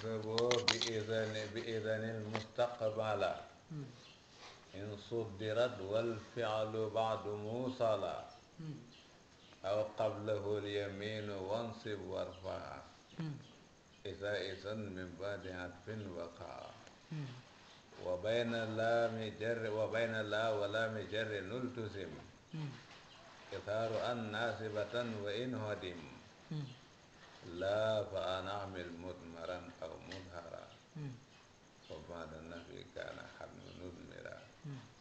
احسبوا بإذن بإذن المستقبلا إن صدرت والفعل بعد موصلا أو قبله اليمين وانصب وارفع إذا إذا من بعد عطف وقع وبين اللام جر وبين لا ولام جر نلتزم إثار أن ناسبة وإن هدم laa fa ana amil aw mudhara wa baada nafi kaana xam nu nudmira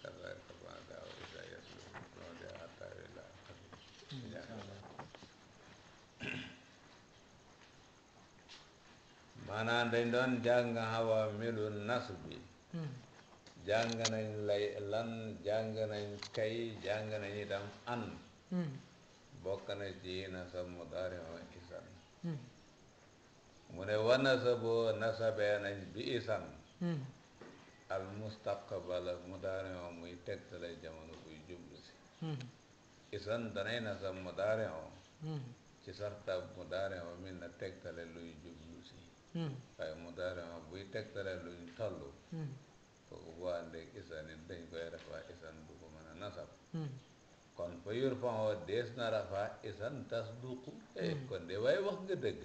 kazalika baada aw isa yatlu noode hatta dañ doon jàng hawa milu nas nañ lay lan jàng nañ kay jàng nañ itam an bokk na ci na sa mudaari mu ne wa nasabee nañ bi isan hmm. al mustaqbala mu daare o muy tegtale jamono buy jublu si hmm. isan danay nasab mu daare hmm. ci sartab mu daare o min tegtale luy jublu si waaye mu daare bu àndeeg isan it dañ koy rafa isan du ko mën a nasab kon fa yur fan o dees na rafa isan tas eh, kon de waaye wax nga dëgg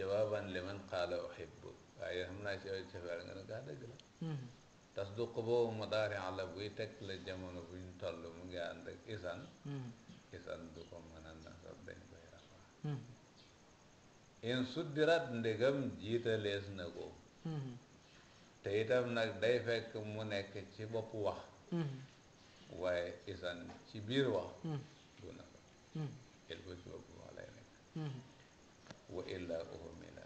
jawaban liman qaala uhibbu waaye xam naa ci yow cofeel nga ne gaa dëgg la tasduq boobu mudaari la jamono buñ toll mu ngi ànd isan isan du ko mën a nasab dañ koy rafa in suddirat ndegam jiitalees na ko te itam nag day fekk mu nekk ci bopp wax waaye isan ci biir wax il ko ci bopp lay nekk wa illa uhumila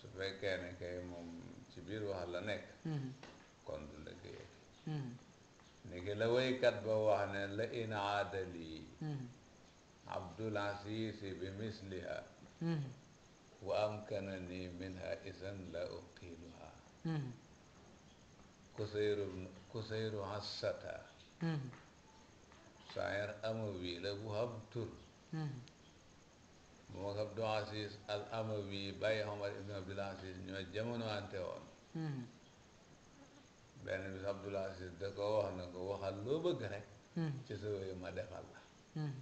su fekkee ne kay moom ci biir wax la nekk kon du liggéeyati ni ki la waykat ba wax ne la in aadali abdul asiisi bi misliha wa amkanani minha isan la uqiluha kusayru kusayru hassata saayir amawi la bu xam tur moom ak Abdou Aziz al Amawi bàyyi Omar ibn Abdul Aziz ñoo jamono ante woon hmm. benn bis Abdul Aziz da ko wax na ko waxal loo bëgg rek hmm. ci sa wéy ma defal la hmm.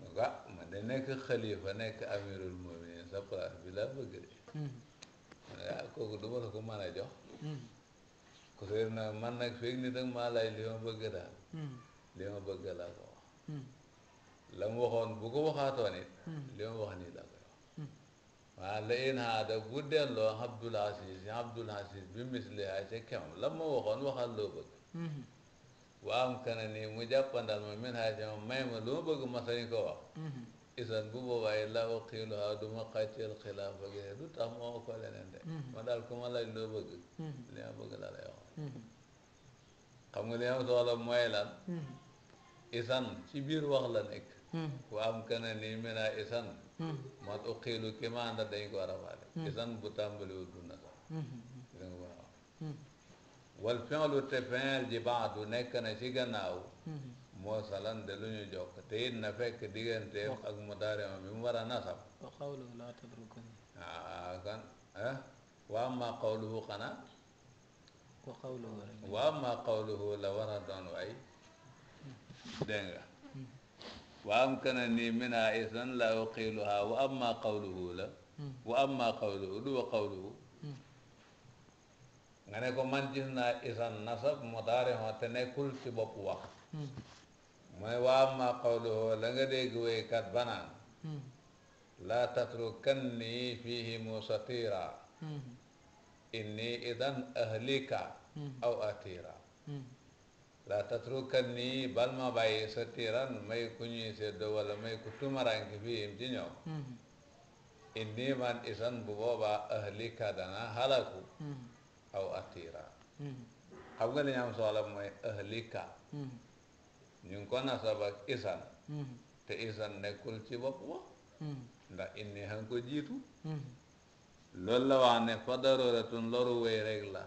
mu ko ah man de nekk xalifa nekk amirul muminin sa place bi laa bëgg de mu ah, kooku du ma ko mën a jox ko sëy na man nag feeg nit ak maa laaj li ma bëgg daal li ma bëgg laa ko wax la mu waxoon bu ko waxaatoon it hmm. li ma wax nii laa koy wax waa la in bu delloo Abdul Aziz Abdul Aziz bi mislihaa ca kem la ma waxoon waxal loo bëgg hmm. waa am kana nii mu jàppandal ma min haa may ma lu ma bëgg ma sañ ko wax hmm. isan bu boobaa yi laa ko du ma xàcceel xilaafa gi du tax ma ko leneen de ma daal ku ma laaj loo bëgg li ma bëgg laa lay wax xam nga li am soxla mooy lan isan ci biir wax la nekk wa am kana nii mi naa isan hmm. man uqiilu ki ma ànda dañ ko rafaale hmm. isan bu tàmbaliwul du na sax dégg nga waaw wal fi'lu te fi'l ji baadu nekk na ci gannaaw hmm. moo salan lu ñu jokk te na fekk digganteem ak mudaari'am bi mu war a nasab wa qawluhu laa tatrukani ah, eh? wa amma qawluhu la war a doon waay wa amkana nii minha isnan la uqiluha wa amma qawluhu la wa amma qawluhu du wa qawluhu nga ne ko man gis naa isan nasab mudaarixon te nekkul ci bopp wax mu ne wa amma qawluhu la nga dégg wéykat banaan laa tatrukanni fihimu satira inni idan ahlika aw atira la tatrukan nii bal ma bàyyi sa tiiran may ku ñuy séddoo wala may ku tumaranki fiim ci ñoom mm-hmm. inni man isan bu boobaa ahlika dana halaku mm-hmm. aw atira mm-hmm. xam nga li ñu am soxla mooy ahlika ñu ngi ko nasab ak isan te isan nekkul ci bopp ba ndax inni han ko jiitu loolu la wax ne fa daruratun loru wéy rek la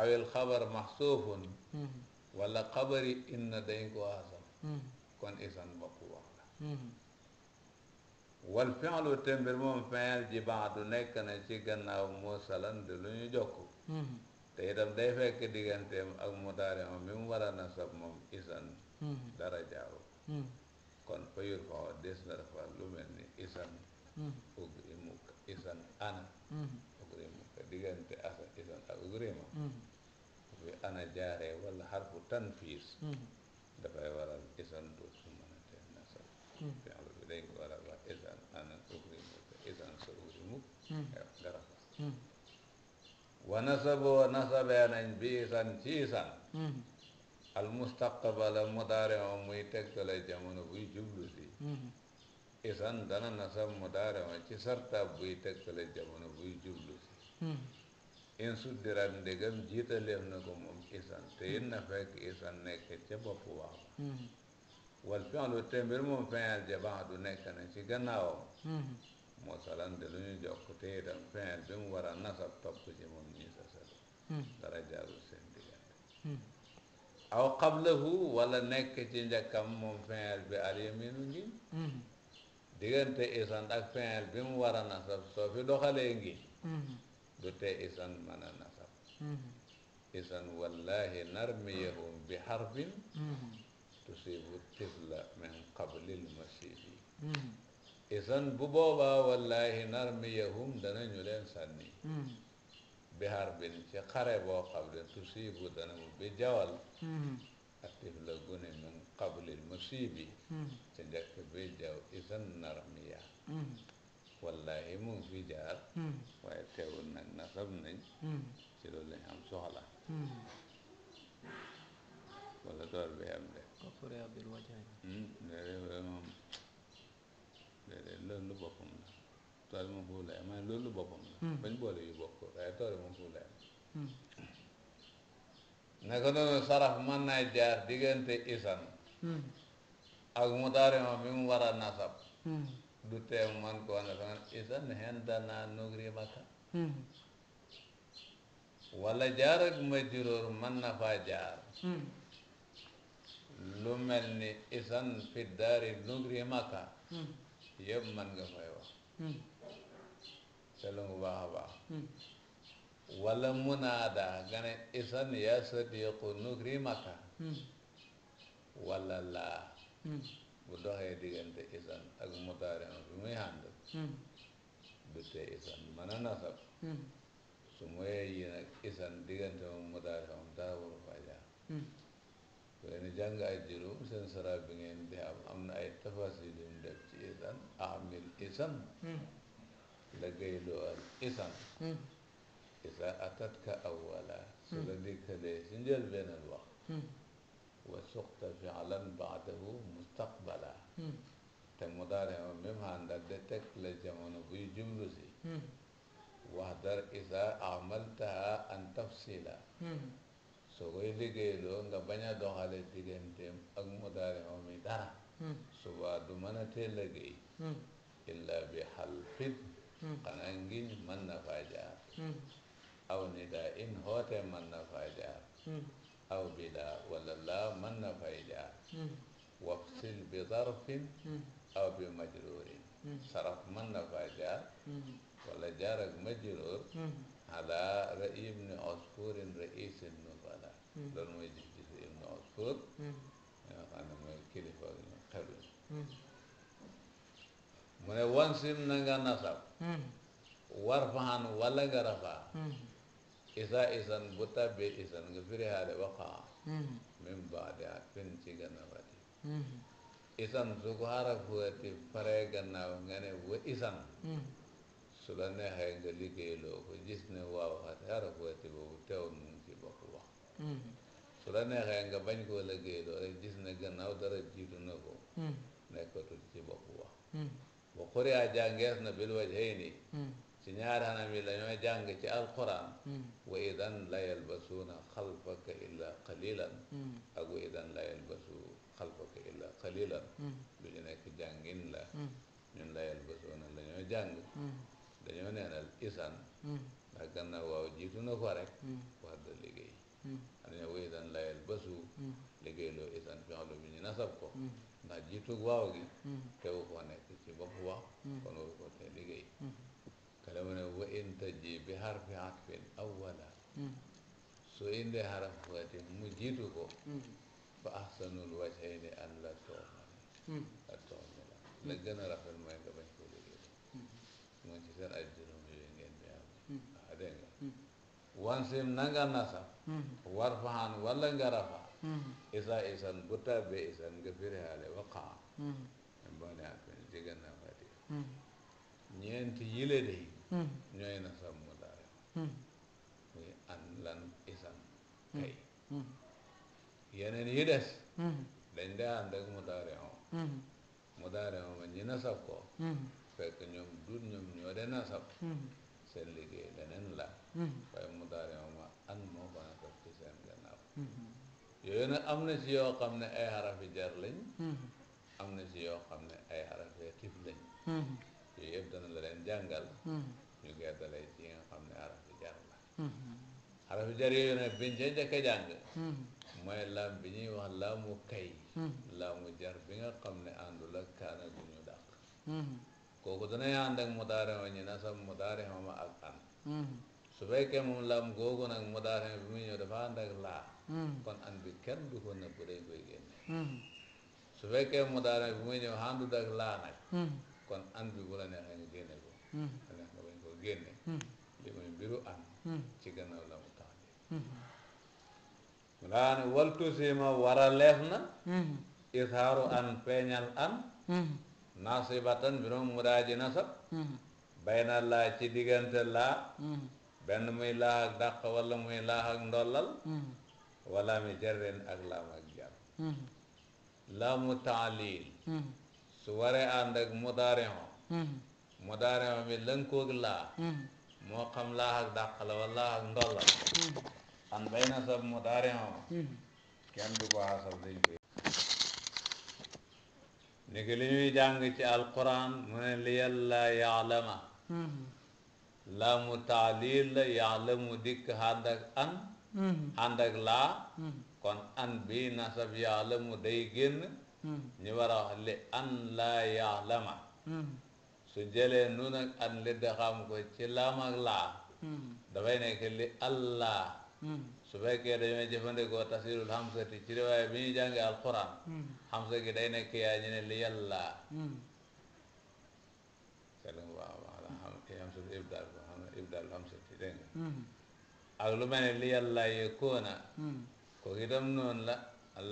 awel xabar maxsuufun hmm. wala xabari inna dañ ko xasam hmm. kon isan bokk wax la hmm. wal fi'lu te mbir moom fi'l ji baadu nekk na ci gannaaw musalan di lu ñu jokk te itam day fekk digganteem ak mudaari moom bi mu war nasab moom isan dara jaaru kon fa yur fa wa des na dafa lu mel ni isan ana ugri diggante asa isan ak ugri ma ana jaaree wala xarfu tanfiir hmm. dafay waral isan doo su mën a tee nasab bi hmm. dañ ko war a wax isan ana ukrimu te isan sa ukrimu dara hmm. fa wa nasaboo nasabee nañ bi isan ci isan al mustaqbala mudaare moom muy tegtale jamono buy jublu si isan dana nasab mudaare moom ci sartaab buy tegtale jamono buy jublu in suddirat jiita jiitaleef na ko moom isan te it na fekk isan nekk ca bopp wax hmm. wal fi'lu te mbir moom fi'l ja baax du nekk nañ ci gannaawam hmm. mosalan de lu ñu jokk te itam fi'l bi mu war a nasab topp ci moom nii sa sal hmm. dara jaarul seen diggante nekk ci njëkkam bi al ak fi'l bi mu war a nasab soo fi doxalee ngi du te isan mën a nasab isan wallahi narmiyahum bi harbin tusibu tifla min qablil masibi isan bu boobaa wallahi narmiyahum dana ñu leen sànni bi harbin ci xare boo xam ne tusibu dana mu bi jawal atifla gune min qablil masibi ci njëkk bi jaw isan narmiya wallahi mu ngi fi jaar hmm. waaye teewul nag na nañ hmm. ci loolu lañ am soxla hmm. wala door bi am de léeg-léeg boppam la tool moom foofu la yem loolu boppam la bañ boole yu bokk waaye tool moom foofu la yem naka saraf mën naa jaar diggante isan ak mu ma bi mu war a nasab du tee man koo ne ko naan idan hendanaa nugri makka wala jaar ak majruur mën na jaar lu mel ni isan fi daari nugri makka yëpp mën nga fay wax selu ngu baax a baax wala munaada nga ne isan yaa sadiqu nugri makka wala laa bu doxee diggante isaan ak mutaarin bi muy ànd hmm. du tee isaan mën a nasab hmm. su moyee yi nag isaan diggante moom mutaarin moom dara waru faa jaar hmm. bu leen jàng ay juróom ngeen di am am na ay tafasil yu mu amil isaan la gayloo al isa atat ka awwala su la dikkalee si njëlbeenal wax wa suqta fi'lan mustaqbala te mudaare ma de teg la jamono buy jublu si isa amaltaha an tafsila soo koy liggéeyloo nga bañ a doxale digganteem ak mudaare ma mi suba du mën a tee liggéey illa bi xalfin xanaa ngiñ mën na faa aw nidaa in hoote mën na faa aw bidaa wala laa mën na fay jaar wafsil bi zarfin aw bi majruurin saraf mën na faa jaar wala jaar ak majruur ala ra'i ibni osfurin raisin nuzala loolu mooy gis-gis ibni osfur nga xam ne mooy kilifa ñu xelu mu ne wansim na nga nasab warfahan wala nga rafaa isa isan bu tabbee isan nga firi haale waqaa min baadi harfin ci gannaaw ati isan su ko haraf huwati gannaaw nga ne wa su la neexee nga liggéey loo ko gis ne waaw xati haraf boobu teewul mu ci bopp wax su la neexee nga bañ koo liggéey loo rek gis ne gannaaw dara jiitu na ko nekkatul ci bopp wax wa xuriyaa jàngees na bil wajhayni ci ñaari anam yi dañoo jàng ci alquran mm. wa idan la yalbasuuna xalfaka illa qalilan mm. ak wa idan la yalbasu xalfaka illa qalilan mm. lu ñu nekk jàngin la ñun la yalbasuuna dañoo jàng dañoo neenal isan ndax gannaaw waaw jiitu na ko rek wax da liggéey adaño idan la yalbasu liggéey loo isan fi'lu bi ñu nasab ko ndax jiitu waaw gi tewu koo nekk ci bopp wax kon waru ko te kala mu ne wa in taji bi harfi atfin awwala hmm. soo indee haraf fatin mu jiitu ko hmm. fa ahsanul wajhayni an la toomale hmm. la la gën a rafet mooy nga bañ koo liggéey mooy ci seen ay juróom yooyu ngeen di am waa dégg nga wansim nanga nasa warfahan walla nga rafa isa isan bu tabbee isan nga firi hale waqaa boo ne ak jigéen na fatin ñeenti yile dey Hmm. ñooy na sàmm daayoo muy an lan isan hmm. kay hmm. yeneen yi des dañ dee ànd ak mu daarion mu daarion ma ñi nasab ko fekk ñoom dut ñoom ñoo de nasab seen liggéey leneen la waaye mu ma an moo ko nasab ci seen gannaaw yooyu nag am na ci yoo xam ne ay xarafi jar lañ am na ci yoo xam ne ay xarafi xiif lañ yooyu yëpp dana la leen jàngal hmm. ñu ngi dalee ci nga xam ne araf jar la hmm. araf bi jar yooyu nag biñ ca njëkk a jàng hmm. mooy laam bi ñuy wax laamu kay laamu jar bi nga xam ne àndul ak kaana gu ñu dàq kooku danay ànd ak mudaare ma ak ànd su fekkee mu laam googu nag mudaare bi muy ñëw dafa ànd ak laa kon ànd bi kenn du ko nëbb day koy génne su fekkee mudaare bi muy ñëw àndul ak laa nag kon ànd bi bu la neexee nga génne ko hmm. neex nga bañ koo génne hmm. li muy mbiru ànd hmm. ci gannaaw la mu tax mu daa ne waltusima war a leef na isaaru an feeñal an nasibatan mbirum mu daa ji nasab bay na laa ci diggante laa benn muy laax ak dàq wala muy laax ak ndollal wala mi jarrin ak laam ak jar laamu taalil su waree ànd ak mudaareŋo hmm. mudaareŋo mi lënkoog laa hmm. moo xam laa ak dàq la wala ak ndol hmm. an bay na sab mudaareŋo kenn du ko xasab dañ koy ni ki li ñuy jàng ci alquran mu ne li yàlla laa mu taalil la yaalamu dikk ànd an ànd laa kon an bi nasab yaalamu day génn ñu hmm. war a wax li an laa yaalama hmm. su jëlee nun ak an li daxaam ko ci laam ak laa hmm. dafay nekk li allah su fekkee dañoo jëfandikoo tasirul hamsati ci riwaaya bi ñuy jàngee alquran hamsa gi day nekk yaa ñu ne ibdaal ko xam ne ibdaal hamsati dégg ak lu mel ne li yàlla yekoona kooku itam noonu la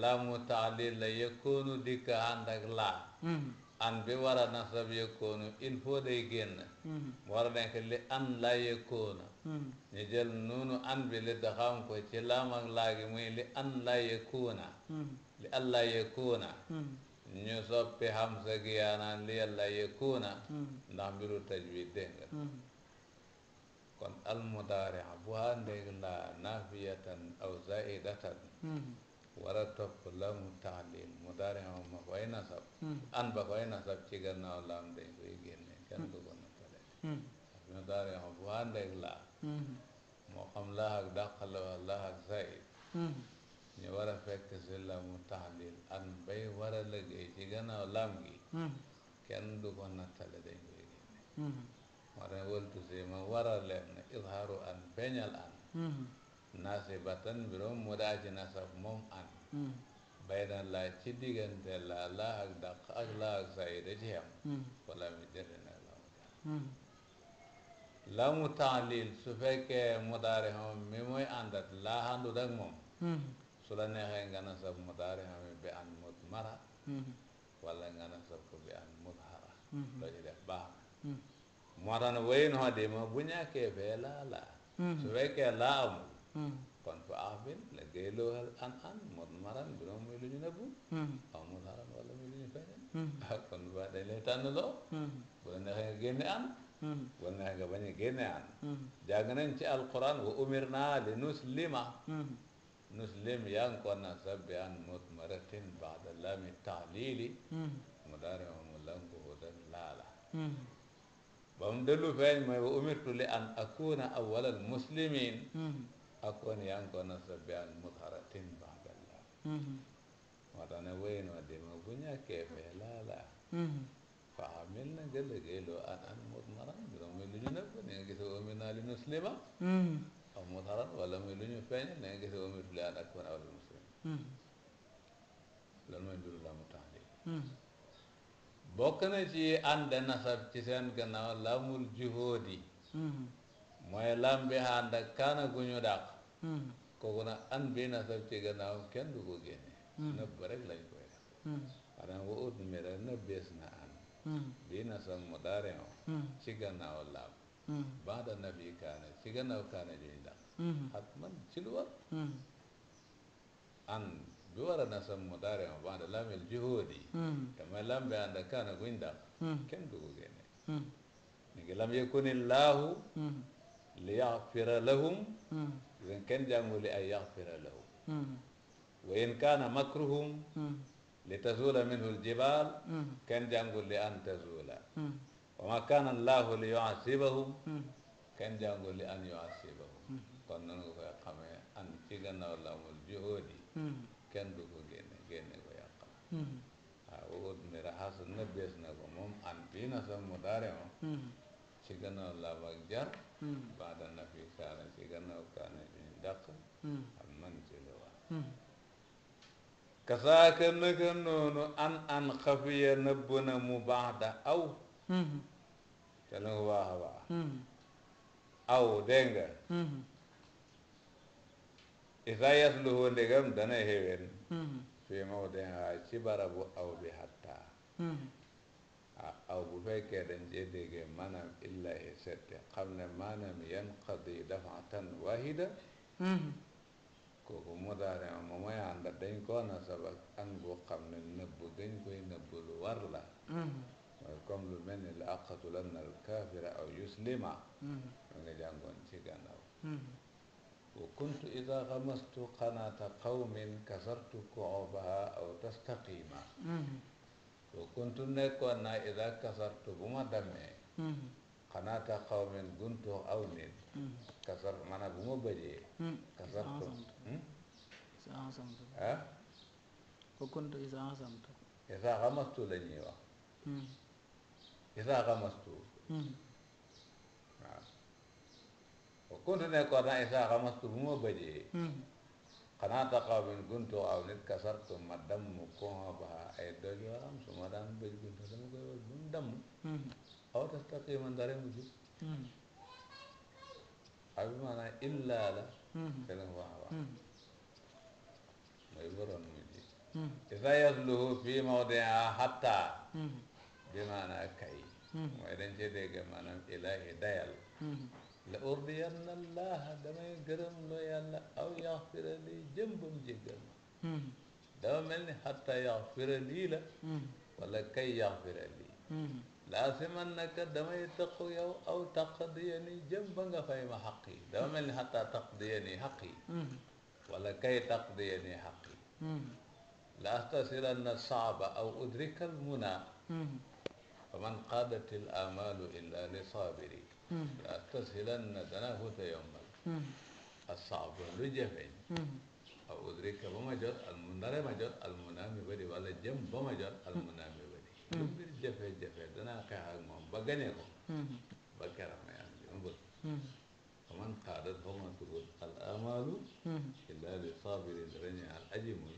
laamu taadil la yëkkoonu dikk ànd ak laa hmm. an bi war a nasab yëkkoonu il faut day génn hmm. war nekk li an laa yëkkoona hmm. ñu jël nuunu an bi li daxam ko ci laam ak laa gi muy li an laa yëkkoona li an laa yëkkoona ñu soppi hamsa gi yaanaan li yàlla yëkkoona ndax mbiru tajwid dégg nga kon al mudaari bu àndeeg laa naafiyatan aw zaidatan war a topp laamu taxlil mu daari xam ma koy nasab an ba koy nasab ci gannaaw laam dañ koy génne kenn du ko nattale mu daari xam bu àndeeg laa moo xam laa ak dàqal la wax laa ak sayid fekk si laamu taxlil an bay war a ci gannaaw laam gi kenn du ko nattale dañ koy génne moo tax si ma war a leen izhaaru an feeñal an nasibatan mbiroom mu daa ci nasab moom an hmm. bayna laa ci diggante laa laa ak dàq ak laa ak sayida ci xam hmm. wala mi jëri nag laa mu jàll hmm. su fekkee mudaari xam mi mooy àndat laa àndut ak moom su la neexee nga nasab mudaari xam bi an mut mara wala nga nasab ko bi an mut hara loo def baax na moo tax ne wayin xoddi bu ñàkkee fee laa laa su fekkee laa amul kon fa ax bin la gay looxal an an mot maran bu doon muy lu hmm. aw mu wala muy lu ñu feeñal hmm. ah kon ba dañ lay loo hmm. bu la neexee nga génne an bu la a génne an ci alquran wa umir li nuslima nuslim yaa ngi ko sabbi an mut maratin baada lami taxliili mu daare ma mu lanko hudan laala ba mu dellu feeñ mooy wa umirtu li an akuna awalal muslimin akkoon yaa ngi ko nasab bi al mudharatin ba'dal laa moo tax ne wéy noo dima bu ñàkkee fee laa laa faa na nga liggéey loo an an mut maran dina lu ñu nëbb ne nga gis wa naa li nuslima aw mudharan wala muy lu ñu feeñ ne nga gis wa min li an akkoon aw li muslim loolu mooy mbiru laamu taxli bokk na ci ànde nasab ci seen gannaaw laamul juhóodi mooy lam bi ànd ak kaana gu ñu dàq kooku nag an bii na ci gannaaw kenn du ko génne nëbb rek lañ koy def maanaam wa ut mi rek na bees na an bii na sab mu ci gannaaw laam baada na bii kaane ci gannaaw kaane juñ dàq xat man ci lu war an bi war a na sab mu daaree baada laamil juhóodi te may lam bi ànd ak kaane guñ dàq kenn du ko génne ni ngi lam yëkkuni laahu li yaxfira lahum gis kenn jàngu li ay yaxfira lahum wa in kaana makruhum li tazuula minhu ljibaal kenn jàngu li an tazuula wa ma kaana allahu li yuasibahum kenn jàngu li an yuasibahum kon noonu nga koy xamee an ci gannaaw la amul juhóodi kenn du ko génne génne ko yàqam waaw wut ni raxasu na bees na ko moom an bii na sa mudaare ma ci gannaaw la am ak jar Hmm. baada na fi kaana ci gannaaw kaana duñu dàq am hmm. man ci lu wax hmm. kasaaka naka noonu an an xafiya nëbb na mu baax da aw te lu baax a baax aw dégg nga isaa yasluhu ndegam dana xéwén fii mawdin ha ci barabu aw bi hatta aw bu fekkee dañ cee déggee maanaam illahi sette xam ne maanaam yan qadi dafa tan wahida hmm. kooku mudaare ma mooy ànd dañ koo nasab ak an bu xam ne nëbb dañ koy nëbb lu war la hmm. mooy comme lu mel ni la aqatulanna al kafira aw yuslima hmm. ma nga jàngoon ci gànnaaw wa kuntu ida xamastu qanaata qawmin kasartu kuubaha aw tastaqima wa kuntu nekkoon naa ida kasartu bu ma dammee xanaata xaw men guntu aw nit kasar maanaam bu ma bëjee kasartu ah xamastu la wax isa xamastu waaw wa kuntu nekkoon naa isa xamastu bu ma bëjee xanaa taxaw min guntu aw kasartu ma damm koxabaha ay doj waram su ma daan bëj guntu dama koy wëj bu mu damm hmm. aw tastaqiman dara illaa la feneen wax wax mooy waroon mujj isa yasluhu fii mawdiha hatta bi maanaam kay hmm. mooy dañ cee dégg ilaahi dayal hmm. la urdiyanna allaha damay gërëm loo yàlla aw yaxfira lii jëm ba mu jéggal ma hmm. dama mel ni xatta yaxfira lii la hmm. wala kay yaxfira lii hmm. laa si man naka damay tëqu yow aw taqdiya nii jëm ba nga fay ma xaq yi dama mel ni xatta taqdiya nii xaq yi wala kay taqdiya nii xaq yi la astasilanna saaba aw udrikal muna fa man qaadatil amalu illa li saabiri لأتصلن mm. تنافت يوما mm. الصعب lu jafeñ aw udrika ba ma jot al mu ndare al mu naami bari wala ba ma al mu naami bari lu mbir jafe-jafe danaa xeex ak moom ba gañe ko ba keram may am li ma bëgg fa man qaadat fa ma turut al amalu illa li sabirin al aji muñ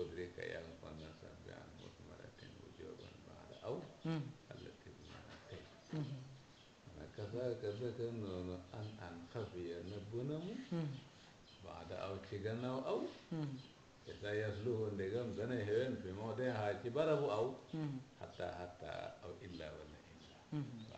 udrika yaa ngi kon na sabbi an mutmaratin wujuban aw kazaka naka noonu an an xafiya nëbb na mu hmm. baada aw ci gannaaw aw isa hmm. yasluhu ndegam dana xewen fi moo dee xaar ci barabu aw xatta hmm. xatta aw illa wala illa